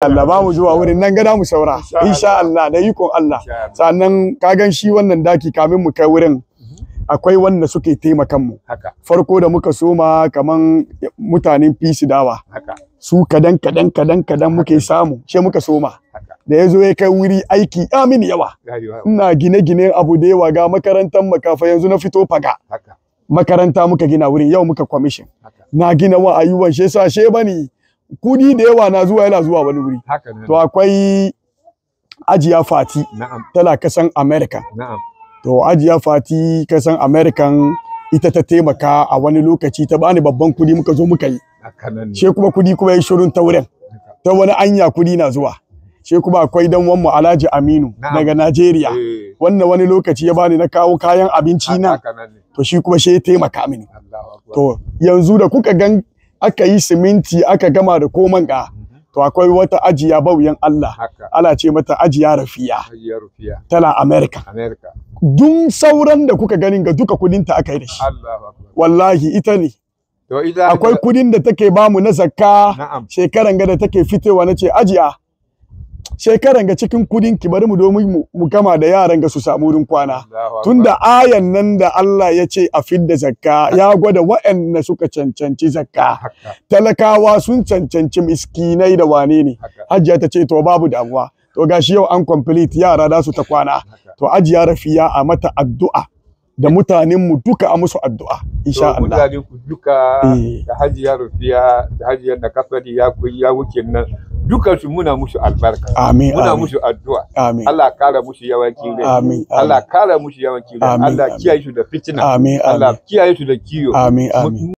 Allah ba mu zuwa wurin nan gada mu saura insha Allah da ikon Allah sannan ka gan shi wannan daki kamin mu kai wurin mhm. akwai wanda suke taimakan mu farko da muka soma kaman mutanen fisi dawa su kadan kadan kadan kadan muke samu she muka soma da ya zo ya kai wuri aiki amini yawa ina gine gine abu da yawa ga makarantar makafa yanzu na fito faga makaranta muka gina wurin yau muka commission na gina wa ayuwan she sa she bani kudi da yawa na zuwa yana zuwa wani wuri to akwai ajiya fati tana kasan america to ajiya fati kasan american ita ta taimaka a wani lokaci ta bani babban kudi muka zo muka yi she kuma kudi kuma ya shirin ta wurin ta wani anya kudi na zuwa she kuma akwai dan wanmu alhaji aminu daga nigeria eh. wannan wani lokaci ya bani na kawo kayan abinci na to shi kuma she ya taimaka mini to yanzu da kuka gan aka yi siminti aka gama da koman ga mhm. to akwai wata ajiya bauyan Allah ala ce mata ajiya rafiya tana America dun sauran da kuka ganin ga duka ta aka yi da shi wallahi ita ne akwai kudin da take bamu na zakka shekaran ga da take fitowa na ce ajiya shekaran ga cikin kudin ki bari mu domin mu gama da yaran ga su samu wurin kwana tunda ayan nan da Allah ya ce a fidda zakka ya gwada waɗanda suka cancanci zakka talakawa sun cancanci miskinai da wane ne hajiya ta ce to babu damuwa to gashi yau an complete yara da su ta kwana to ajiya rafiya a mata addu'a da mutanen mu duka a musu addu'a insha Allah mutanen ku duka eh. da hajiya rafiya da hajiya da kafari ya ya wuce nan dukansu muna musu albarka amin muna musu addu'a amin Allah kara musu yawancin rai amin Allah kara musu yawancin rai Allah kiyaye su da fitina amin Allah kiyaye su da kiyo amin amin